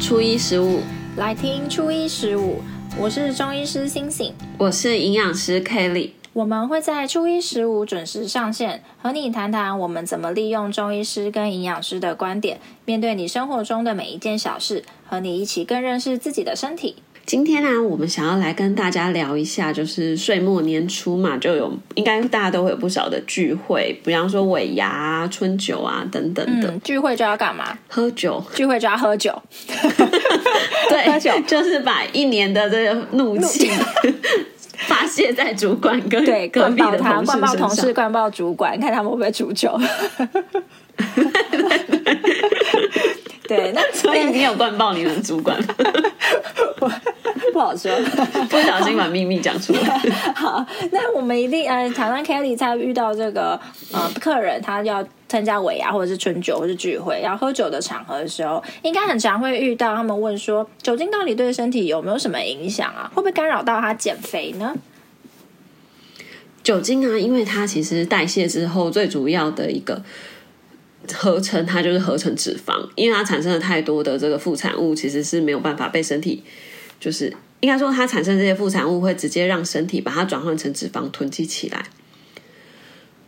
初一十五，來聽初一十五。我是中醫師星星，我是營養師 Kelly。我們會在初一十五準時上線，和你談談我們怎麼利用中醫師跟營養師的觀點，面對你生活中的每一件小事，和你一起更認識自己的身體。今天呢、啊，我們想要來跟大家聊一下，就是歲末年初嘛，就有應該大家都會有不少的聚會，比方說尾牙、啊、春酒啊等等的、嗯、聚會，就要幹嘛？喝酒，聚會就要喝酒。 對，喝酒就是把一年的這個怒氣怒 發洩在主管跟對，灌爆他，灌爆同事、灌爆主管，看他們會不會煮酒。 對，那對所以有報，你有灌爆你們主管 不，不好說， 好，不小心把秘密講出來。好，那我們一定呃，常常 Kelly 在遇到這個、呃、客人，他要參加尾牙或者是春酒或者是聚會，要喝酒的場合的時候，應該很常會遇到他們問說，酒精到底對身體有沒有什麼影響啊？會不會干擾到他減肥呢？酒精呢、啊，因為它其實代謝之後，最主要的一個。合成它就是合成脂肪，因為它產生了太多的這個副產物，其實是沒有辦法被身體，就是應該說它產生這些副產物會直接讓身體把它轉換成脂肪囤積起來。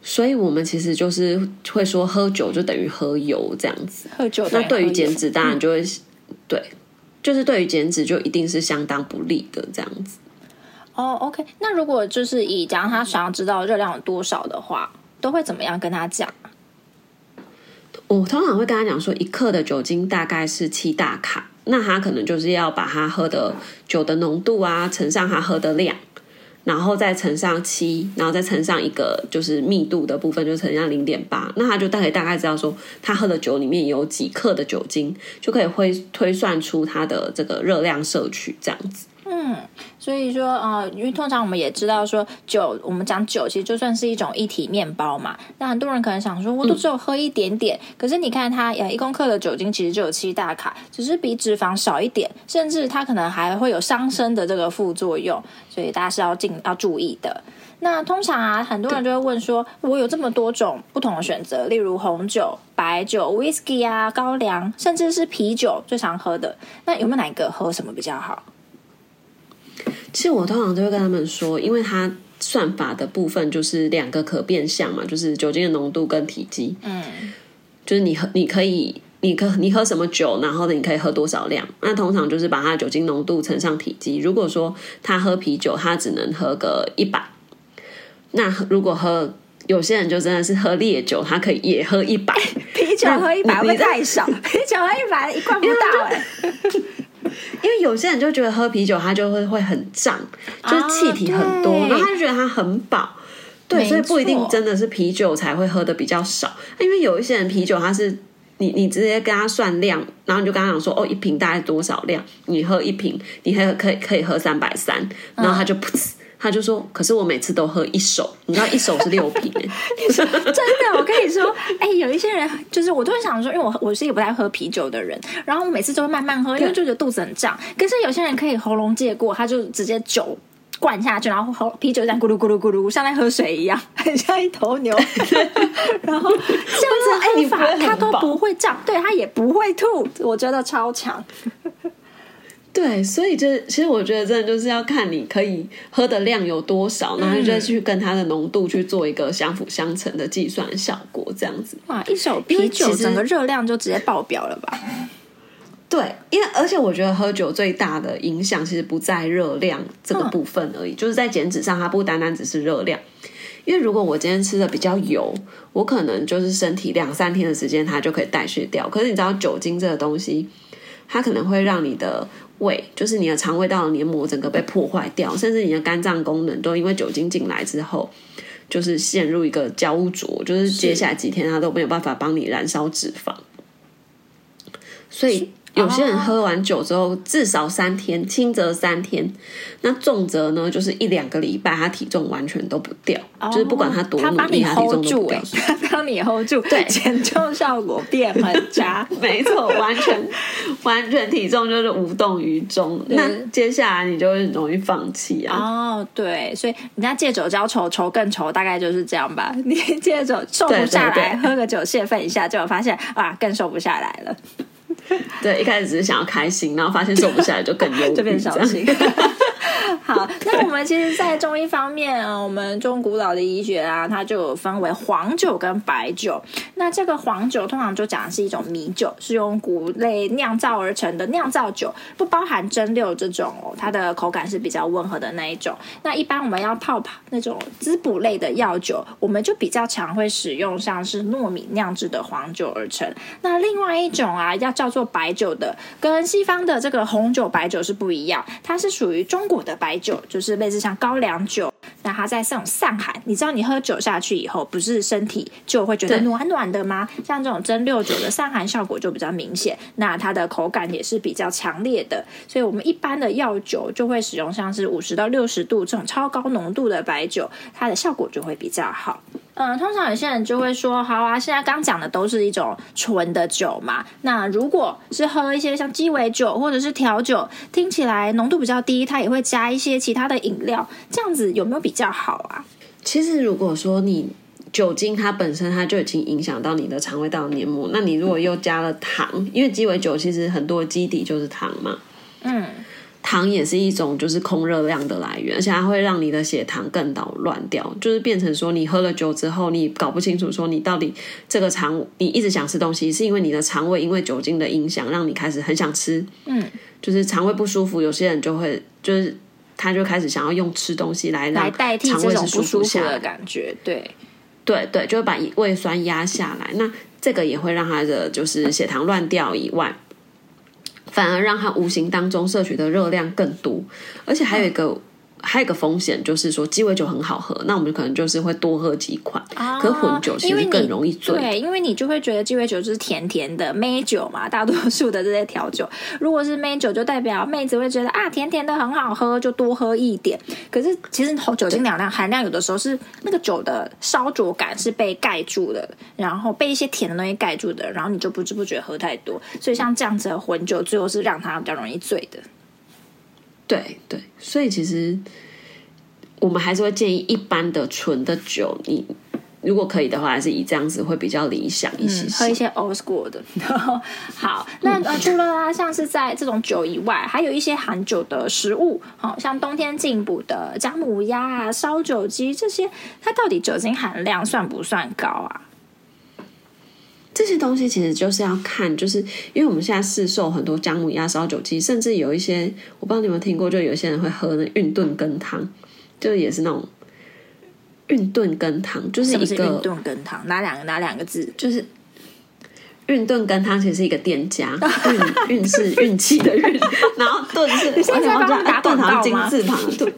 所以，我們其實就是會說喝酒就等於喝油這樣子，喝酒那對於減脂當然就會、嗯、對，就是對於減脂就一定是相當不利的這樣子。哦、oh，OK，那如果就是以，講他想要知道熱量有多少的話，都會怎麼樣跟他講？我、哦、通常會跟他講說，一克的酒精大概是七大卡，那他可能就是要把它喝的酒的濃度啊乘上他喝的量，然後再乘上七，然後再乘上一個就是密度的部分，就乘上零點八，那他就大概大概知道說他喝的酒裡面有幾克的酒精，就可以推推算出他的這個熱量攝取這樣子。嗯，所以說啊，呃，因為通常我們也知道說酒，我們講酒其實就算是一種一體麵包嘛。那很多人可能想說，我都只有喝一點點，嗯，可是你看它，呃，一公克的酒精其實就有七大卡，只是比脂肪少一點，甚至它可能還會有傷身的這個副作用，所以大家是要進，要注意的。那通常啊，很多人就會問說，我有這麼多種不同的選擇，例如紅酒、白酒、whisky 啊、高粱，甚至是啤酒，最常喝的，那有沒有哪一個喝什麼比較好？其實我通常都會跟他們說，因為他算法的部分就是兩個可變項嘛，就是酒精的濃度跟體積。嗯，就是你喝，你可以，你可你喝什麼酒，然後呢，你可以喝多少量。那通常就是把它酒精濃度乘上體積。如果說他喝啤酒，他只能喝個一百。那如果喝有些人就真的是喝烈酒，他可以也喝一百，欸。啤酒喝一百，會太少。啤酒喝一百，一罐不到哎。 因為有些人就覺得喝啤酒，他就會會很脹，哦、就是氣體很多，對然後他就覺得他很飽，對，錯所以不一定真的是啤酒才會喝的比較少，因為有一些人啤酒他是你你直接跟他算量，然後你就跟他講說哦，一瓶大概多少量，你喝一瓶，你還可以可以，可以喝三百三，然後他就噗呲。嗯 他就說：“可是我每次都喝一手，你知道一手是六瓶欸 真的，我跟你說，哎、欸，有一些人就是我突然想說，因為我我是一個不太喝啤酒的人，然後我每次都會慢慢喝，因為就覺得肚子很脹。對可是有些人可以喉嚨借過，他就直接酒灌下去，然後啤酒在咕嚕咕嚕咕嚕，像在喝水一樣，很像一頭牛。 然後這樣子，反而、欸、他都不會脹，對，他也不會吐，我覺得超強。對，所以就其實我覺得真的就是要看你可以喝的量有多少，然後就去跟它的濃度去做一個相輔相成的計算效果這樣子。哇，一手啤酒整個熱量就直接爆表了吧？對，因為而且我覺得喝酒最大的影響其實不在熱量這個部分而已，嗯、就是在減脂上，它不單單只是熱量。因為如果我今天吃的比較油，我可能就是身體兩三天的時間它就可以代謝掉。可是你知道酒精這個東西，它可能會讓你的。胃，就是你的腸胃道黏膜整個被破壞掉，甚至你的肝臟功能都因為酒精進來之後，就是陷入一個焦灼，就是接下來幾天啊都沒有辦法幫你燃燒脂肪，是所以。有些人喝完酒之後，至少三天，輕則三天，那重則呢，就是一兩個禮拜，他體重完全都不掉，哦、就是不管他多努力，他幫你 hold，他體重都不掉。住，他把你 hold 住，對，減重效果變很差， 沒錯，完全完全體重就是無動於衷。那接下來你就會容易放棄啊。哦，對，所以人家借酒澆愁，愁更愁，大概就是這樣吧。你借酒瘦不下來，對對對對喝個酒泄憤一下，結果發現啊，更瘦不下來了。對，一開始只是想要開心，然後發現瘦不下來就更憂鬱。 小這樣。 好，那我們其實，在中醫方面，我們中古老的醫學啊，它就有分為黃酒跟白酒。那這個黃酒通常就講的是一種米酒，是用穀類釀造而成的釀造酒，不包含蒸餾這種哦。它的口感是比較溫和的那一種。那一般我們要泡泡那種滋補類的藥酒，我們就比較常會使用像是糯米釀製的黃酒而成。那另外一種啊，要叫做白酒的，跟西方的這個紅酒、白酒是不一樣，它是屬於中國的。白酒就是類似像高粱酒，那它在這種散寒。你知道你喝酒下去以後，不是身體就會覺得暖暖的嗎？對像這種蒸餾酒的散寒效果就比較明顯，那它的口感也是比較強烈的。所以我們一般的藥酒就會使用像是五十到六十度這種超高濃度的白酒，它的效果就會比較好。嗯，通常有些人就會說，好啊，現在剛講的都是一種純的酒嘛。那如果是喝一些像雞尾酒或者是調酒，聽起來濃度比較低，它也會加一些其他的飲料，這樣子有沒有比較好啊？其實如果說你酒精它本身它就已經影響到你的腸胃道黏膜，那你如果又加了糖，嗯、因為雞尾酒其實很多基底就是糖嘛，嗯。糖也是一種就是空熱量的來源，而且它會讓你的血糖更搗亂掉，就是變成說你喝了酒之後，你搞不清楚說你到底這個腸你一直想吃東西，是因為你的腸胃因為酒精的影響讓你開始很想吃，嗯，就是腸胃不舒服，有些人就會就是他就開始想要用吃東西來胃的來代替這種不舒服的感覺，對，對對，就會把胃酸壓下來，那這個也會讓他的就是血糖亂掉以外。反而讓他無形當中攝取的熱量更多，而且還有一個。還有一個風險就是說雞尾酒很好喝，那我們可能就是會多喝幾款，啊、可是混酒其實是更容易醉，啊。對，因為你就會覺得雞尾酒就是甜甜的，梅酒嘛，大多數的這些調酒，如果是梅酒，就代表妹子會覺得啊，甜甜的很好喝，就多喝一點。可是其實酒精兩量含量有的時候是那個酒的燒灼感是被蓋住的，對然後被一些甜的東西蓋住的，然後你就不知不覺得喝太多，所以像這樣子的混酒，最後是讓它比較容易醉的。對對，所以其實我們還是會建議一般的純的酒，你如果可以的話，還是以這樣子會比較理想一些、嗯，喝一些 Old School 的。 好，那呃，除了啊，像是在這種酒以外，還有一些含酒的食物，好、哦、像冬天進補的薑母鴨啊、燒酒雞這些，它到底酒精含量算不算高啊？這些東西其實就是要看，就是因為我們現在市售很多薑母鴨、燒酒雞，甚至有一些我不知道你們有沒有聽過，就有些人會喝那運頓羹湯，就也是那種運頓羹湯，就是一個運頓羹湯，哪兩個哪兩個字？就是。運盾跟它其實是一個店家，運運是運氣的運， 然後盾是而且盾它金字旁盾，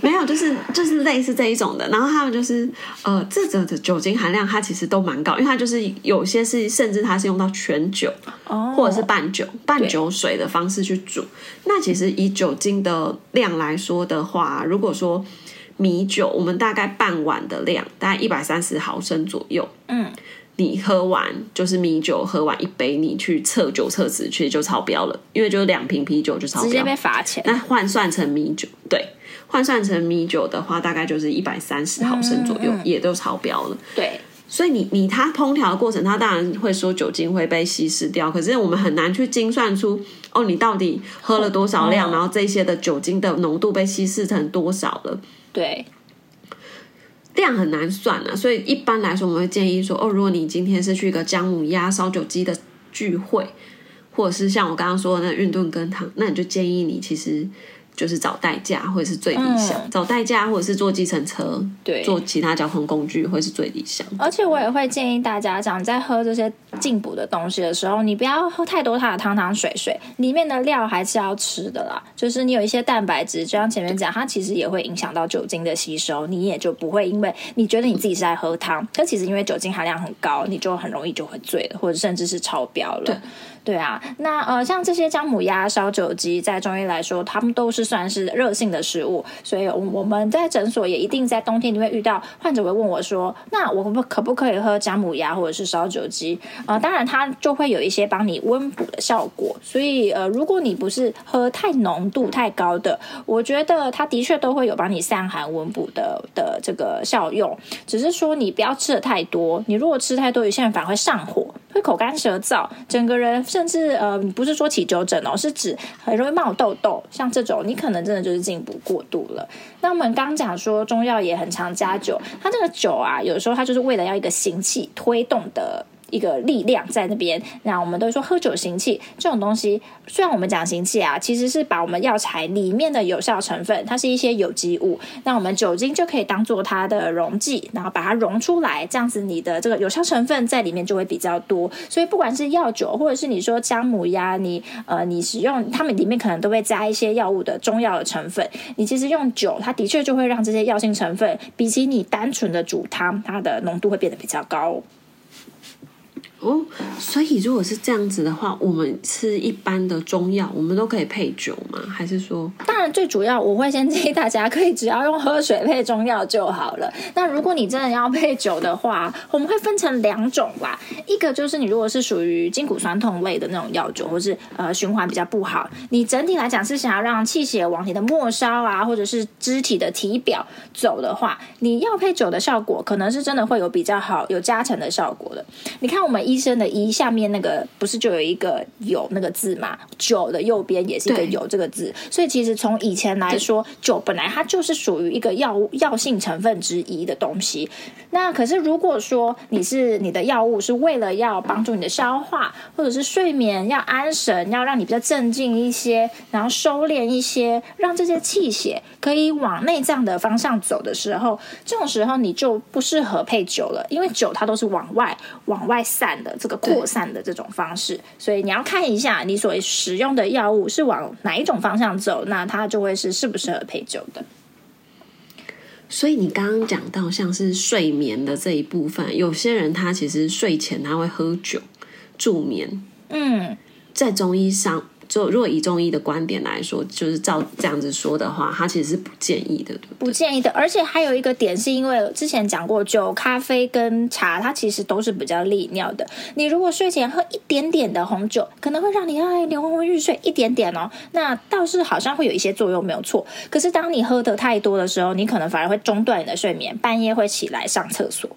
沒有就是就是類似這一種的。然後他們就是呃，這者的酒精含量它其實都蠻高，因為它就是有些是甚至它是用到全酒，哦，或者是半酒、半酒水的方式去煮。對那其實以酒精的量來說的話，如果說米酒，我們大概半碗的量，大概一百三十毫升左右，嗯。你喝完就是米酒，喝完一杯，你去測酒測值，其實就超標了，因為就是兩瓶啤酒就超標，直接被罰錢。那換算成米酒，對，換算成米酒的話，大概就是一百三十毫升左右，嗯嗯也都超標了。對，所以你你它烹調的過程，它當然會說酒精會被稀釋掉，可是我們很難去精算出哦，你到底喝了多少量，哦、然後這些的酒精的濃度被稀釋成多少了？對。量很難算啊，所以一般來說，我們會建議說，哦，如果你今天是去一個薑母鴨、燒酒雞的聚會，或者是像我剛剛說的那個運動羹湯，那你就建議你其實，就是找代駕，或者是最理想找代駕，或者是坐計程車，對，坐其他交通工具，會是最理想。而且我也會建議大家，講在喝這些進補的東西的時候，你不要喝太多它的湯湯水水，裡面的料還是要吃的啦。就是你有一些蛋白質，就像前面講，對它其實也會影響到酒精的吸收，你也就不會因為你覺得你自己是在喝湯，但其實因為酒精含量很高，你就很容易就會醉了，或者甚至是超標了。對對啊，那呃，像這些薑母鴨、燒酒雞，在中醫來說，它們都是算是熱性的食物，所以我們在診所也一定在冬天你會遇到患者會問我說：“那我可不可以喝薑母鴨或者是燒酒雞？”呃，當然它就會有一些幫你溫補的效果，所以呃，如果你不是喝太濃度太高的，我覺得它的確都會有幫你散寒溫補的的這個效用，只是說你不要吃的太多，你如果吃太多，有些人反而會上火，會口乾舌燥，整個人。甚至呃，不是說起酒疹哦，是指很容易冒痘痘，像這種你可能真的就是進補過度了。那我們剛剛講說中藥也很常加酒，它這個酒啊，有時候它就是為了要一個行氣推動的。一個力量在那邊，那我們都說喝酒行氣這種東西，雖然我們講行氣啊，其實是把我們藥材裡面的有效成分，它是一些有機物，那我們酒精就可以當做它的溶劑，然後把它溶出來，這樣子你的這個有效成分在裡面就會比較多。所以不管是藥酒，或者是你說薑母鴨，你呃你使用，它們裡面可能都會加一些藥物的中藥的成分，你其實用酒，它的確就會讓這些藥性成分，比起你單純的煮湯，它的濃度會變得比較高哦。哦，所以如果是這樣子的話，我們吃一般的中藥，我們都可以配酒嗎？還是說？當然，最主要我會先建議大家可以只要用喝水配中藥就好了。那如果你真的要配酒的話，我們會分成兩種吧。一個就是你如果是屬於筋骨酸痛類的那種藥酒，或是呃循環比較不好，你整體來講是想要讓氣血往你的末梢啊，或者是肢體的體表走的話，你要配酒的效果，可能是真的會有比較好，有加成的效果的。你看我們。醫生的醫下面那個不是就有一個有那個字嘛？酒的右邊也是一個有這個字，對 所以其實從以前來說，對 酒本來它就是屬於一個藥物藥性成分之一的東西。那可是如果說你是你的藥物是為了要幫助你的消化，或者是睡眠要安神，要讓你比較鎮靜一些，然後收斂一些，讓這些氣血可以往內臟的方向走的時候，這種時候你就不適合配酒了，因為酒它都是往外往外散，的這個擴散的這種方式，對所以你要看一下你所使用的藥物是往哪一種方向走，那它就會是適不適合配酒的。所以你剛剛講到像是睡眠的這一部分，有些人他其實睡前他會喝酒助眠，嗯，在中醫上。就如果以中醫的觀點來說，就是照這樣子說的話，他其實是不建議的。對不對？不建議的，而且還有一個點，是因為之前講過，就咖啡跟茶，它其實都是比較利尿的。你如果睡前喝一點點的紅酒，可能會讓你哎，昏昏欲睡一點點哦。那倒是好像會有一些作用，沒有錯。可是當你喝得太多的時候，你可能反而會中斷你的睡眠，半夜會起來上廁所。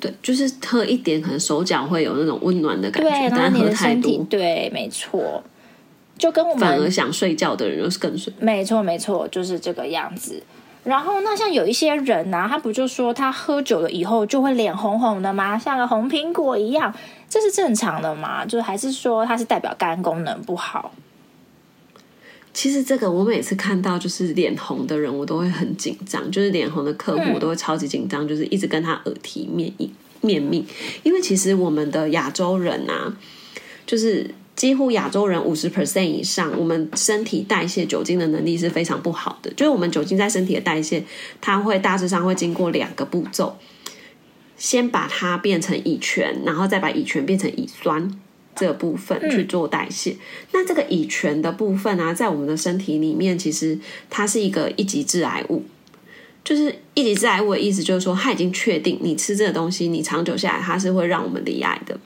對，就是喝一點，可能手腳會有那種溫暖的感覺，對但喝太多的身體，對，沒錯，就跟我們反而想睡覺的人又是更睡，沒錯，沒錯，就是這個樣子。然後那像有一些人呢、啊，他不就說他喝酒了以後就會臉紅紅的嗎？像個紅蘋果一樣，這是正常的嗎？就還是說它是代表肝功能不好？其實這個，我每次看到就是臉紅的人，我都會很緊張。就是臉紅的客戶，我都會超級緊張，對就是一直跟他耳提面面命。因為其實我們的亞洲人啊，就是幾乎亞洲人五十 percent 以上，我們身體代謝酒精的能力是非常不好的。就是我們酒精在身體的代謝，它會大致上會經過兩個步驟，先把它變成乙醛，然後再把乙醛變成乙酸。這部分去做代謝，嗯、那這個乙醛的部分啊，在我們的身體裡面，其實它是一個一級致癌物。就是一級致癌物的意思，就是說它已經確定，你吃這個東西，你長久下來，它是會讓我們罹癌的。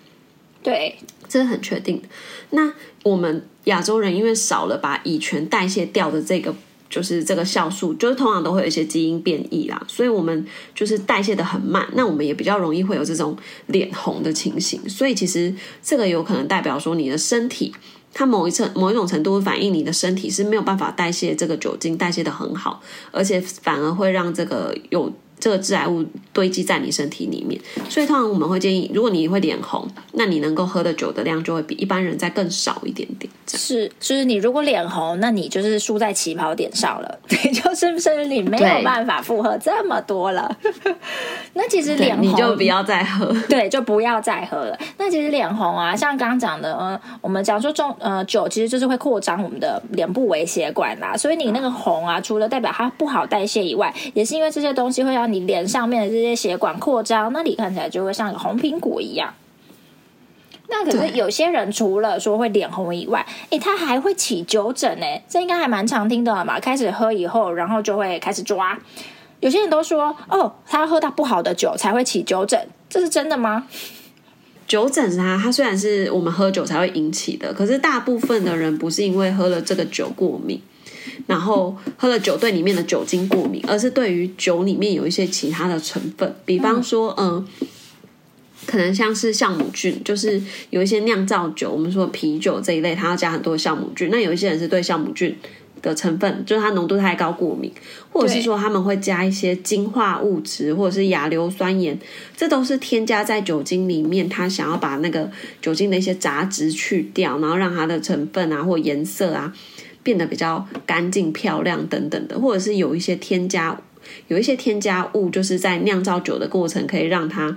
對，這是很確定。那我們亞洲人因為少了把乙醛代謝掉的這個。就是這個酵素，就是通常都會有一些基因變異啦，所以我們就是代謝的很慢，那我們也比較容易會有這種臉紅的情形。所以其實這個有可能代表說，你的身體它某一層某一種程度反映你的身體是沒有辦法代謝這個酒精代謝的很好，而且反而會讓這個有。這個致癌物堆積在你身體裡面，所以通常我們會建議，如果你會臉紅，那你能夠喝的酒的量就會比一般人再更少一點點是。是，就是你如果臉紅，那你就是輸在起跑點上了，對，就是不是你沒有辦法負荷這麼多了。對 那其實臉紅你就不要再喝，對，就不要再喝了。那其實臉紅啊，像剛剛講的，呃，我們講說中，呃，酒其實就是會擴張我們的臉部微血管啦、啊，所以你那個紅啊，除了代表它不好代謝以外，也是因為這些東西會要。你臉上面的這些血管擴張，那你看起來就會像個紅蘋果一樣。那可是有些人除了說會臉紅以外，哎，他還會起酒疹哎，這應該還蠻常聽的嘛。開始喝以後，然後就會開始抓。有些人都說，哦，他喝到不好的酒才會起酒疹，這是真的嗎？酒疹它、啊、它雖然是我們喝酒才會引起的，可是大部分的人不是因為喝了這個酒過敏。然後喝了酒對裡面的酒精過敏，而是對於酒裡面有一些其他的成分，比方說，嗯、呃，可能像是酵母菌，就是有一些釀造酒，我們說啤酒這一類，它要加很多酵母菌。那有一些人是對酵母菌的成分，就是它濃度太高過敏，或者是說他們會加一些精化物質，或者是亞硫酸鹽，這都是添加在酒精裡面，它想要把那個酒精的一些雜質去掉，然後讓它的成分啊或顏色啊。變得比較乾淨漂亮等等的，或者是有一些添加，有一些添加物，就是在釀造酒的過程，可以讓它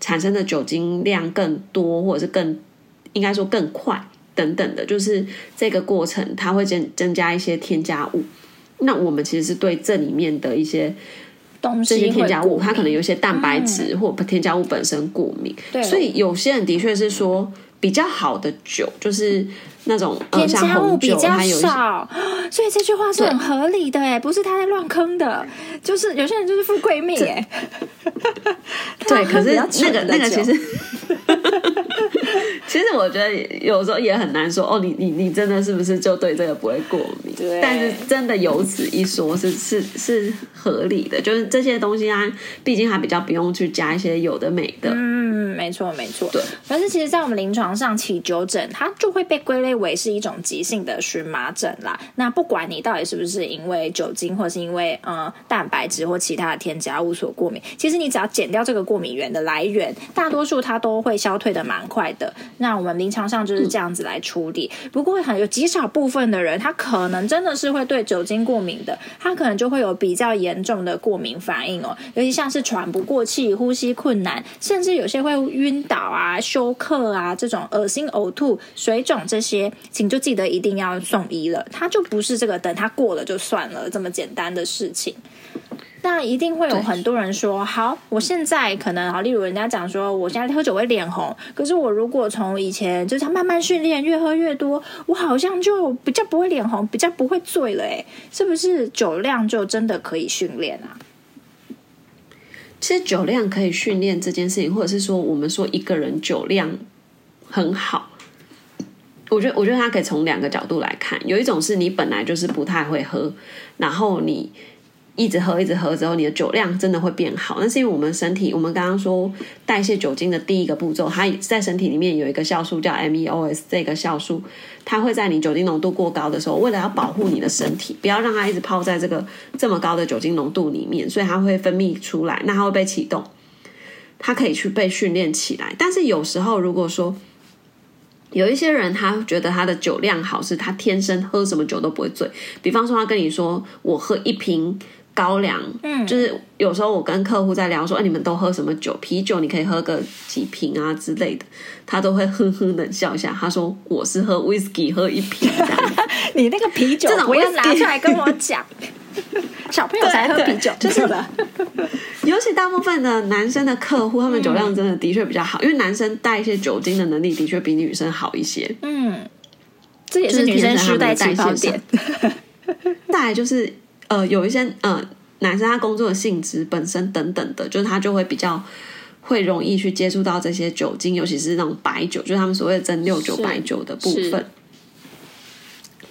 產生的酒精量更多，或者是更應該說更快等等的，就是這個過程它會增增加一些添加物。那我們其實是對這裡面的一些東西、這些添加物，它可能有一些蛋白質或添加物本身過敏，嗯、所以有些人的確是說比較好的酒就是。那種、呃、添加物比較少，所以這句話是很合理的，哎對，不是他在亂坑的，就是有些人就是富貴命，對，可是那個對那個其實對。 其實我覺得有時候也很難說哦，你你你真的是不是就對這個不會過敏？對，但是真的由此一說是，是是是合理的，就是這些東西它、啊、畢竟還比較不用去加一些有的沒的。嗯，沒錯沒錯。對，可是其實，在我們臨床上起酒疹，它就會被歸類為是一種急性的蕁麻疹啦。那不管你到底是不是因為酒精，或是因為呃、嗯、蛋白質或其他的添加物所過敏，其實你只要減掉這個過敏源的來源，大多數它都會消退的蠻快的。那我們臨床上就是這樣子來處理。嗯、不過，很有極少部分的人，他可能真的是會對酒精過敏的，他可能就會有比較嚴重的過敏反應哦，尤其像是喘不過氣、呼吸困難，甚至有些會暈倒啊、休克啊這種，噁心、嘔吐、水腫這些，請就記得一定要送醫了，他就不是這個等他過了就算了這麼簡單的事情。那一定會有很多人說：“對好，我現在可能……好，例如人家講說，我現在喝酒會臉紅，可是我如果從以前就是他慢慢訓練，越喝越多，我好像就比較不會臉紅，比較不會醉了，哎，是不是酒量就真的可以訓練啊？”其實酒量可以訓練這件事情，或者是說我們說一個人酒量很好，我覺得，我覺得他可以從兩個角度來看，有一種是你本來就是不太會喝，然後你。一直喝，一直喝之後，你的酒量真的會變好。那是因為我們身體，我們剛剛說代謝酒精的第一個步驟，它在身體裡面有一個酵素叫 MEOS，這個酵素它會在你酒精濃度過高的時候，為了要保護你的身體，不要讓它一直泡在這個這麼高的酒精濃度裡面，所以它會分泌出來，那它會被啟動，它可以去被訓練起來。但是有時候如果說有一些人，他覺得他的酒量好，是他天生喝什麼酒都不會醉，比方說他跟你說我喝一瓶。高粱，嗯，就是有時候我跟客戶在聊說，哎、嗯啊，你們都喝什麼酒？啤酒你可以喝個幾瓶啊之類的，他都會呵呵冷笑一下。他說我是喝 whisky 喝一瓶， 你那個啤酒這種不要拿出來跟我講。 小朋友才喝啤酒，的就是，有 尤其大部分的男生的客戶，他們酒量真的的確比較好，嗯、因為男生代謝酒精的能力的確比女生好一些。嗯，這也是，是女生需帶代謝 點， 再就是。呃，有一些呃，男生他工作的性質本身等等的，就是他就會比較會容易去接觸到這些酒精，尤其是那種白酒，就是他們所謂的蒸餾酒是白酒的部分。是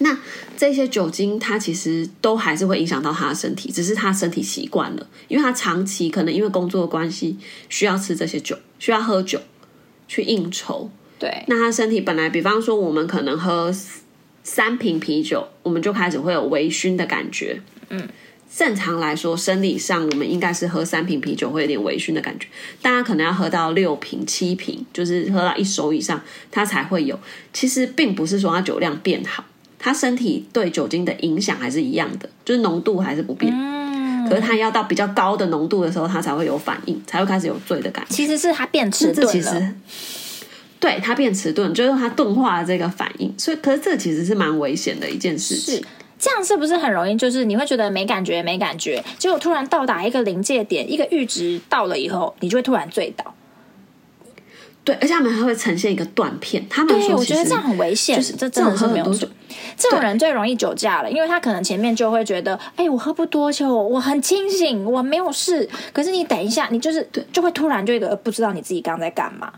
那這些酒精，它其實都還是會影響到他的身體，只是他身體習慣了，因為他長期可能因為工作的關係需要吃這些酒，需要喝酒去應酬。對，那他身體本來，比方說我們可能喝。三瓶啤酒，我們就開始會有微醺的感覺。正常來說，生理上我們應該是喝三瓶啤酒會有點微醺的感覺。大家可能要喝到六瓶、七瓶，就是喝到一手以上，它才會有。其實並不是說他酒量變好，他身體對酒精的影響還是一樣的，就是濃度還是不變。嗯，可是他要到比較高的濃度的時候，他才會有反應，才會開始有醉的感覺。其實是他變遲鈍了。對，他變遲鈍，就是他鈍化的這個反應，所以可是這其實是蠻危險的一件事情。是這樣，是不是很容易？就是你會覺得沒感覺，沒感覺，結果突然到達一個臨界點，一個閾值到了以後，你就會突然醉倒。對，而且他們還會呈現一個斷片。他們說對，我覺得這樣很危險，就是、這真的是沒有，這種喝很多，這種人最容易酒駕了，對因為他可能前面就會覺得，哎，我喝不多酒，我很清醒，我沒有事。可是你等一下，你就是對就會突然覺得不知道你自己剛在幹嘛。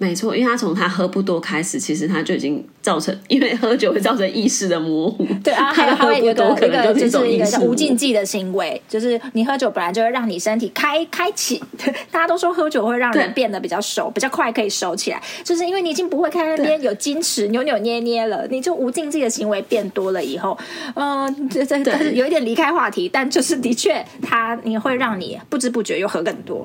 沒錯，因為他從他喝不多開始，其實他就已經造成，因為喝酒會造成意識的模糊。 對啊，他喝不多可能就是種一種無禁忌的行為，就是你喝酒本來就會讓你身體開開啟。對大家都說喝酒會讓人變得比較熟，對比較快可以熟起來，就是因為你已經不會看那邊有矜持，對扭扭捏捏了，你就無禁忌的行為變多了以後，嗯、呃，這這對對但是有一點離開話題，但就是的確，他你會讓你不知不覺又喝更多，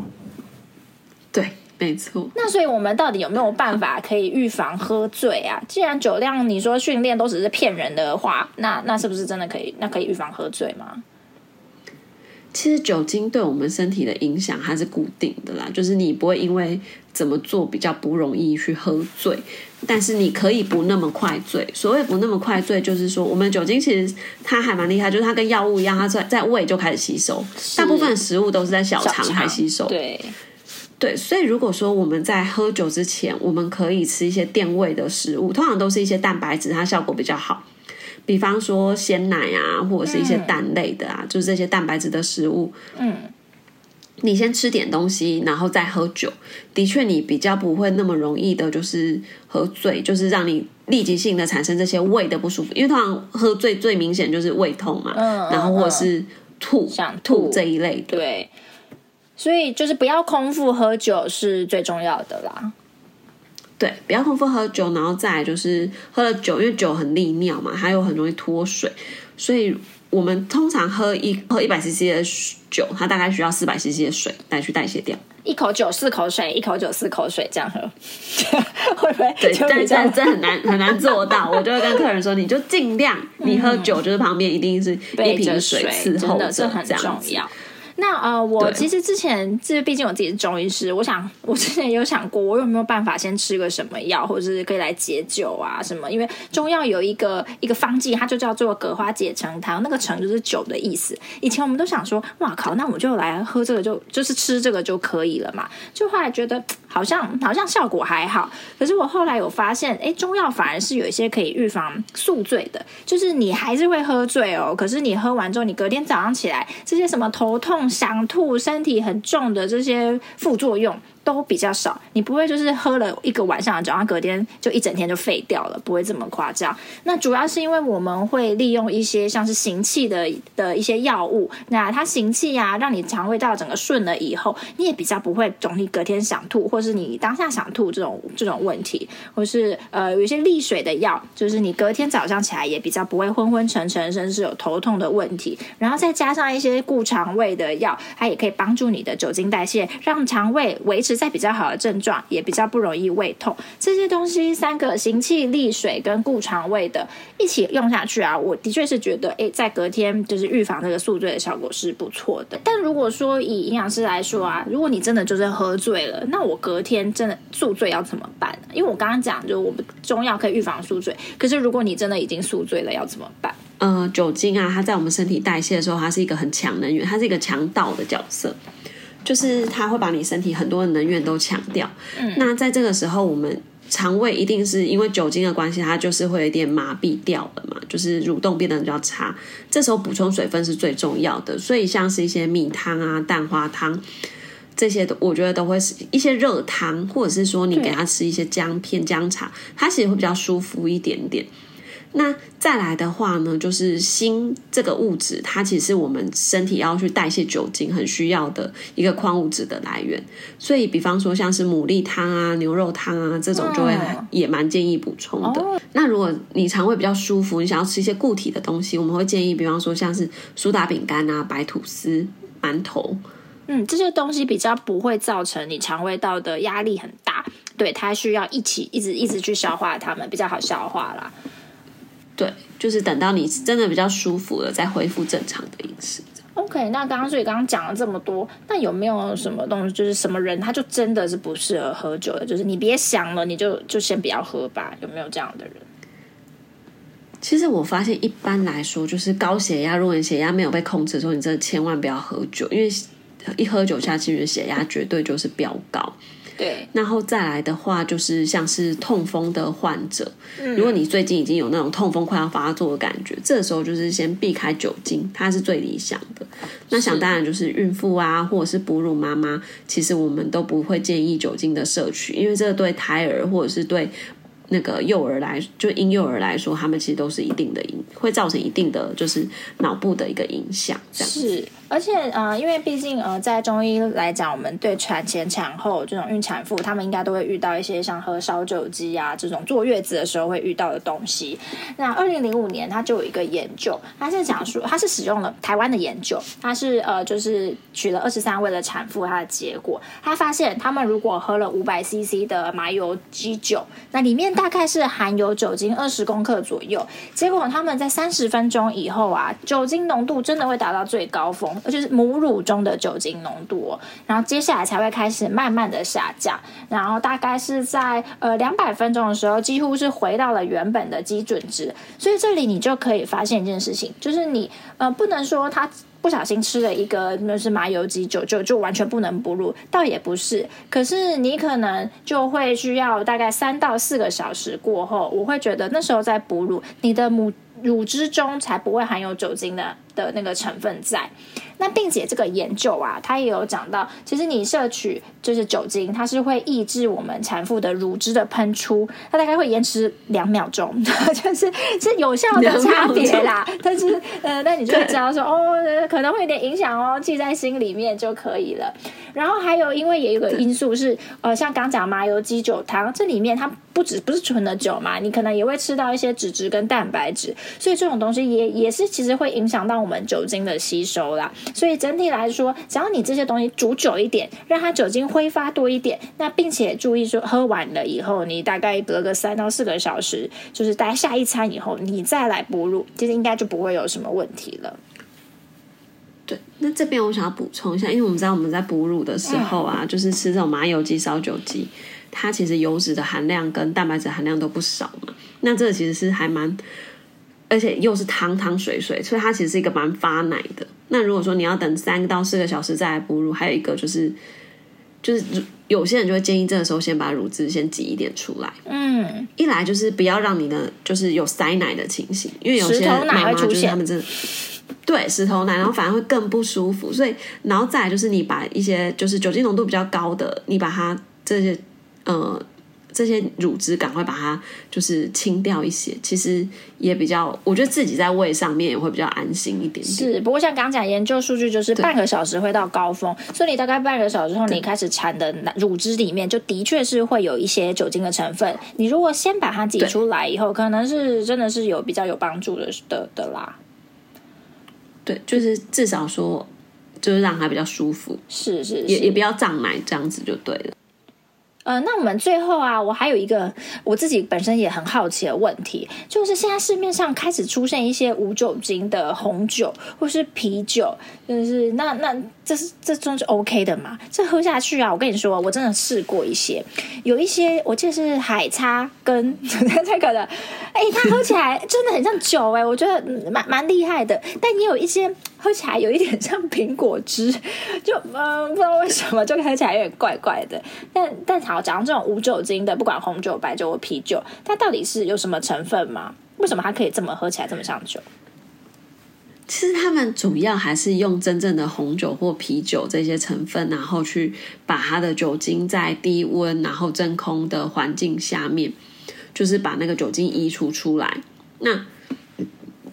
對。沒錯，那所以我們到底有沒有辦法可以預防喝醉啊？既然酒量你說訓練都只是騙人的話，那那是不是真的可以？那可以預防喝醉嗎？其實酒精對我們身體的影響還是固定的啦，就是你不會因為怎麼做比較不容易去喝醉，但是你可以不那麼快醉。所謂不那麼快醉，就是說我們酒精其實它還蠻厲害，就是它跟藥物一樣，它在在胃就開始吸收，大是部分食物都是在小腸開始吸收。對。對，所以如果說我們在喝酒之前，我們可以吃一些墊胃的食物，通常都是一些蛋白質，它效果比較好。比方說鮮奶啊，或者是一些蛋類的啊，嗯、就是這些蛋白質的食物。嗯，你先吃點東西，然後再喝酒，的確你比較不會那麼容易的，就是喝醉，就是讓你立即性的產生這些胃的不舒服。因為通常喝醉最明顯就是胃痛嘛，嗯、然後或者是吐、想吐，吐這一類的。對。所以就是不要空腹喝酒是最重要的啦。對，不要空腹喝酒，然後再來就是喝了酒，因為酒很利尿嘛，還有很容易脫水，所以我們通常喝一喝一百 cc 的酒，它大概需要四百 cc 的水來去代謝掉。一口酒四口水，一口酒四口水這樣喝， 會不會？真真真很難很難做到。我就會跟客人說，你就盡量你喝酒，嗯、就是旁邊一定是一瓶的水，水伺候着，這很重要。那呃，我其實之前，這對畢竟我自己是中醫師，我想我之前有想過，我有沒有辦法先吃個什麼藥，或者是可以來解酒啊什麼？因為中藥有一個一個方劑，它就叫做葛花解酲湯，那個“酲”就是酒的意思。以前我們都想說，哇靠，那我們就來喝這個就，就就是吃這個就可以了嘛，就後來覺得。好像好像效果還好，可是我後來有發現，哎，中藥反而是有一些可以預防宿醉的，就是你還是會喝醉哦，可是你喝完之後，你隔天早上起來，這些什麼頭痛、想吐、身體很重的這些副作用。都比較少，你不會就是喝了一個晚上的酒，然後隔天就一整天就廢掉了，不會這麼誇張。那主要是因為我們會利用一些像是行氣的的一些藥物，那它行氣啊，讓你腸胃道整個順了以後，你也比較不會，容易隔天想吐，或是你當下想吐這種這種問題，或是呃有一些利水的藥，就是你隔天早上起來也比較不會昏昏沉沉，甚至有頭痛的問題。然後再加上一些固腸胃的藥，它也可以幫助你的酒精代謝，讓腸胃維持。實在比較好的症狀，也比較不容易胃痛，這些東西三個行氣利水跟固腸胃的一起用下去啊，我的確是覺得，哎、欸，在隔天就是預防這個宿醉的效果是不錯的。但如果說以營養師來說啊，如果你真的就是喝醉了，那我隔天真的宿醉要怎麼辦呢？因為我剛剛講，就我們中藥可以預防宿醉，可是如果你真的已經宿醉了，要怎麼辦？嗯、呃，酒精啊，它在我們身體代謝的時候，它是一個很強能源，它是一個強盜的角色。就是它會把你身體很多的能源都搶掉，嗯，那在這個時候，我們腸胃一定是因為酒精的關係，它就是會有點麻痹掉了嘛，就是蠕動變得比較差。這時候補充水分是最重要的，所以像是一些米湯啊、蛋花湯這些我覺得都會是一些熱湯，或者是說你給它吃一些薑片、薑茶，它其實會比較舒服一點點。那再來的話呢，就是鋅這個物質，它其實是我們身體要去代謝酒精，很需要的一個礦物質的來源。所以，比方說像是牡蠣湯啊、牛肉湯啊這種，就會也蠻建議補充的。Oh. Oh. 那如果你腸胃比較舒服，你想要吃一些固體的東西，我們會建議，比方說像是蘇打餅乾啊、白吐司、饅頭，嗯，這些東西比較不會造成你腸胃道的壓力很大，對它需要一起一直一直去消化它們，比較好消化啦。對，就是等到你真的比較舒服了，再恢復正常的飲食。OK，那剛剛所以剛剛講了這麼多，那有沒有什麼東西就是什麼人他就真的是不適合喝酒的？就是你別想了，你就就先不要喝吧，有沒有這樣的人？其實我發現一般來說，就是高血壓，如果你血壓沒有被控制的時候，你真的千萬不要喝酒，因為一喝酒下去，你的血壓絕對就是飆高。對，然後再來的話，就是像是痛風的患者，嗯、如果你最近已經有那種痛風快要發作的感覺，這個時候就是先避開酒精，它是最理想的。那想當然就是孕婦啊，或者是哺乳媽媽，其實我們都不會建議酒精的攝取，因為這對胎兒或者是對那個幼兒來，就嬰幼兒來說，他們其實都是一定的，會造成一定的就是腦部的一個影響，這樣子。而且呃，因為畢竟呃，在中醫來講，我們對產前、產後這種孕產婦，他們應該都會遇到一些像喝燒酒雞啊這種坐月子的時候會遇到的東西。那二零零五年，他就有一個研究，他是講述，他是使用了台灣的研究，他是呃，就是取了二十三位的產婦，他的結果，他發現他們如果喝了五百 CC 的麻油雞酒，那裡面大概是含有酒精二十公克左右，結果他們在三十分鐘以後啊，酒精濃度真的會達到最高峰。而且是母乳中的酒精濃度哦，然後接下來才會開始慢慢的下降，然後大概是在呃兩百分鐘的時候，幾乎是回到了原本的基準值。所以這裡你就可以發現一件事情，就是你呃不能說他不小心吃了一個那、就是麻油雞酒就就完全不能哺乳，倒也不是，可是你可能就會需要大概三到四個小時過後，我會覺得那時候在哺乳，你的母乳汁中才不會含有酒精的的那個成分在。那並且這個研究啊，它也有講到，其實你攝取就是酒精，它是會抑制我們產婦的乳汁的噴出，它大概會延遲兩秒鐘，就是是有效的差別啦。但是呃，那你就會知道說對哦，呃，可能會有點影響哦，記在心裡面就可以了。然後還有，因為也有個因素是呃，像剛講麻油雞酒湯，這裡面它不止不是純的酒嘛，你可能也會吃到一些脂質跟蛋白質，所以這種東西也也是其實會影響到我們酒精的吸收啦。所以整體來說，只要你這些東西煮久一點，讓它酒精揮發多一點，那並且注意說，喝完了以後，你大概隔個三到四個小時，就是大概下一餐以後，你再來哺乳，其實應該就不會有什麼問題了。對，那這邊我想要補充一下，因為我們知道我們在哺乳的時候啊，嗯、就是吃這種麻油雞、燒酒雞，它其實油脂的含量跟蛋白質的含量都不少嘛，那這個其實是還蠻。而且又是湯湯水水，所以它其實是一個蠻發奶的。那如果說你要等三到四個小時再來哺乳，還有一個就是，就是有些人就會建議這個時候先把乳汁先擠一點出來。嗯，一來就是不要讓你的，就是有塞奶的情形，因為有些媽媽就是他們真的，對，石頭奶，然後反而會更不舒服。所以然後再來就是你把一些就是酒精濃度比較高的，你把它這些，嗯、呃。這些乳汁趕快把它就是清掉一些，其實也比較，我覺得自己在胃上面也會比較安心一點點。是，不過像剛講研究數據，就是半個小時會到高峰，對所以你大概半個小時後，你開始產的乳汁裡面對就的確是會有一些酒精的成分。你如果先把它擠出來以後，對可能是真的是有比較有幫助的的的啦。對，就是至少說，就是讓它比較舒服，是，是是，也也不要脹奶，這樣子就對了。呃，那我們最後啊，我還有一個我自己本身也很好奇的問題，就是現在市面上開始出現一些無酒精的紅酒或是啤酒，就是那那這是這終是 OK 的嘛？這喝下去啊，我跟你說，我真的試過一些，有一些我記得是海叉跟 這個的，哎、欸，它喝起來真的很像酒誒、欸，我覺得蠻蠻厲害的，但也有一些。喝起來有一點像蘋果汁，就嗯，不知道為什麼就喝起來有點怪怪的。但但好像講這種無酒精的，不管紅酒、白酒或啤酒，它到底是有什麼成分嗎？為什麼它可以這麼喝起來這麼像酒？其實他們主要還是用真正的紅酒或啤酒這些成分，然後去把它的酒精在低溫然後真空的環境下面，就是把那個酒精移除出來。那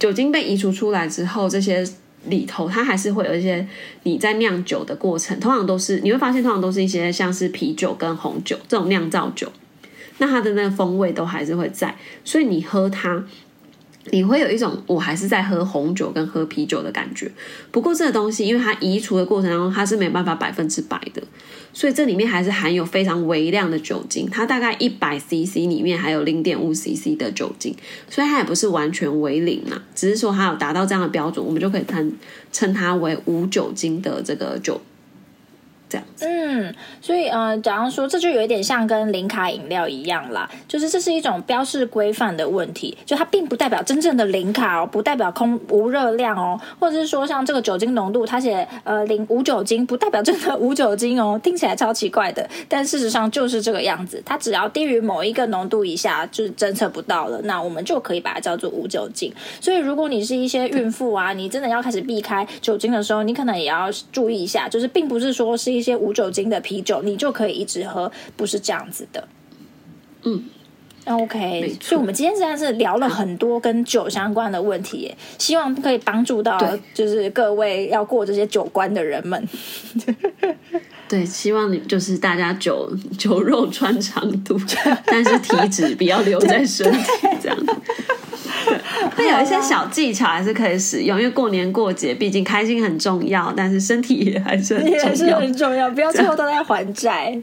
酒精被移除出來之後，這些裡頭它還是會有一些你在釀酒的過程，通常都是你會發現，通常都是一些像是啤酒跟紅酒這種釀造酒，那它的那個風味都還是會在，所以你喝它，你會有一種我還是在喝紅酒跟喝啤酒的感覺。不過這個東西，因為它移除的過程當中，它是沒辦法百分之百的。所以這裡面還是含有非常微量的酒精，它大概一百 CC 裡面還有零點五 CC 的酒精，所以它也不是完全為零啊，只是說它有達到這樣的標準，我們就可以稱稱它為無酒精的這個酒。這樣子。嗯，所以呃，假如說這就有一點像跟零卡飲料一樣啦，就是這是一種標示規範的問題，就它並不代表真正的零卡哦，不代表空無熱量哦，或者是說像這個酒精濃度，它寫呃零無酒精，不代表真的無酒精哦，聽起來超奇怪的，但事實上就是這個樣子，它只要低於某一個濃度以下，就是偵測不到了，那我們就可以把它叫做無酒精。所以如果你是一些孕婦啊，你真的要開始避開酒精的時候，你可能也要注意一下，就是並不是說是一。一些無酒精的啤酒，你就可以一直喝，不是這樣子的。嗯。OK，錯所以，我們今天實在是聊了很多跟酒相關的問題，希望可以幫助到就是各位要過這些酒關的人們。對，希望你就是大家酒酒肉穿腸過， 但是體脂不要留在身體這樣。會有一些小技巧還是可以使用，啊、因為過年過節，畢竟開心很重要，但是身體也還是也還是很重要，樣不要最後都在還債。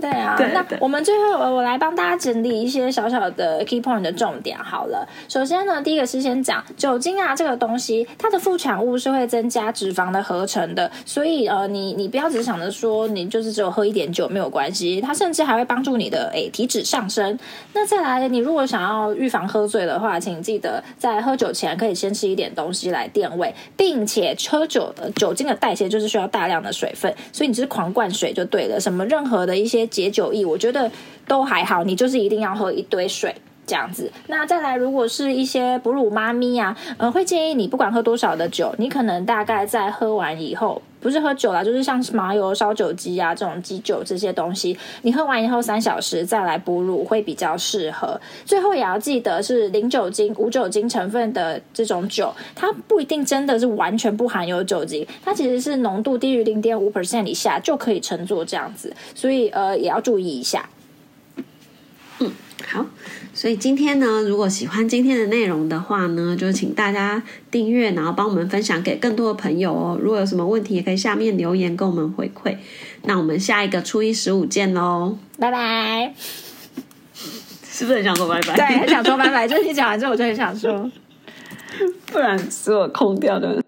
對啊，對對。那我們最後我我來幫大家整理一些小小的 key point 的重點好了。首先呢，第一個是先講酒精啊，這個東西它的副產物是會增加脂肪的合成的，所以呃，你你不要只是想着說你就是只有喝一點酒沒有關係，它甚至還會幫助你的誒體脂上升。那再來，你如果想要預防喝醉的話，請記得在喝酒前可以先吃一點東西來墊胃，並且喝酒的酒精的代謝就是需要大量的水分，所以你只是狂灌水就對了。什麼任何的一些。解酒液，我覺得都還好。你就是一定要喝一堆水這樣子。那再來，如果是一些哺乳媽咪啊，呃，會建議你不管喝多少的酒，你可能大概在喝完以後。不是喝酒啦，就是像是麻油燒酒雞啊這種雞酒這些東西，你喝完以後三小時再來哺乳會比較適合。最後也要記得是零酒精、無酒精成分的這種酒，它不一定真的是完全不含有酒精，它其實是濃度低於零點五 percent 以下就可以稱作，這樣子，所以呃也要注意一下。嗯，好。所以今天呢，如果喜歡今天的內容的話呢，就請大家訂閱，然後幫我們分享給更多的朋友哦。如果有什麼問題，也可以下面留言跟我們回饋。那我們下一個初一十五見嘍，拜拜 bye。是不是很想說拜拜？對，很想說拜拜。這期講完之後，我就很想說， 不然所有空掉的。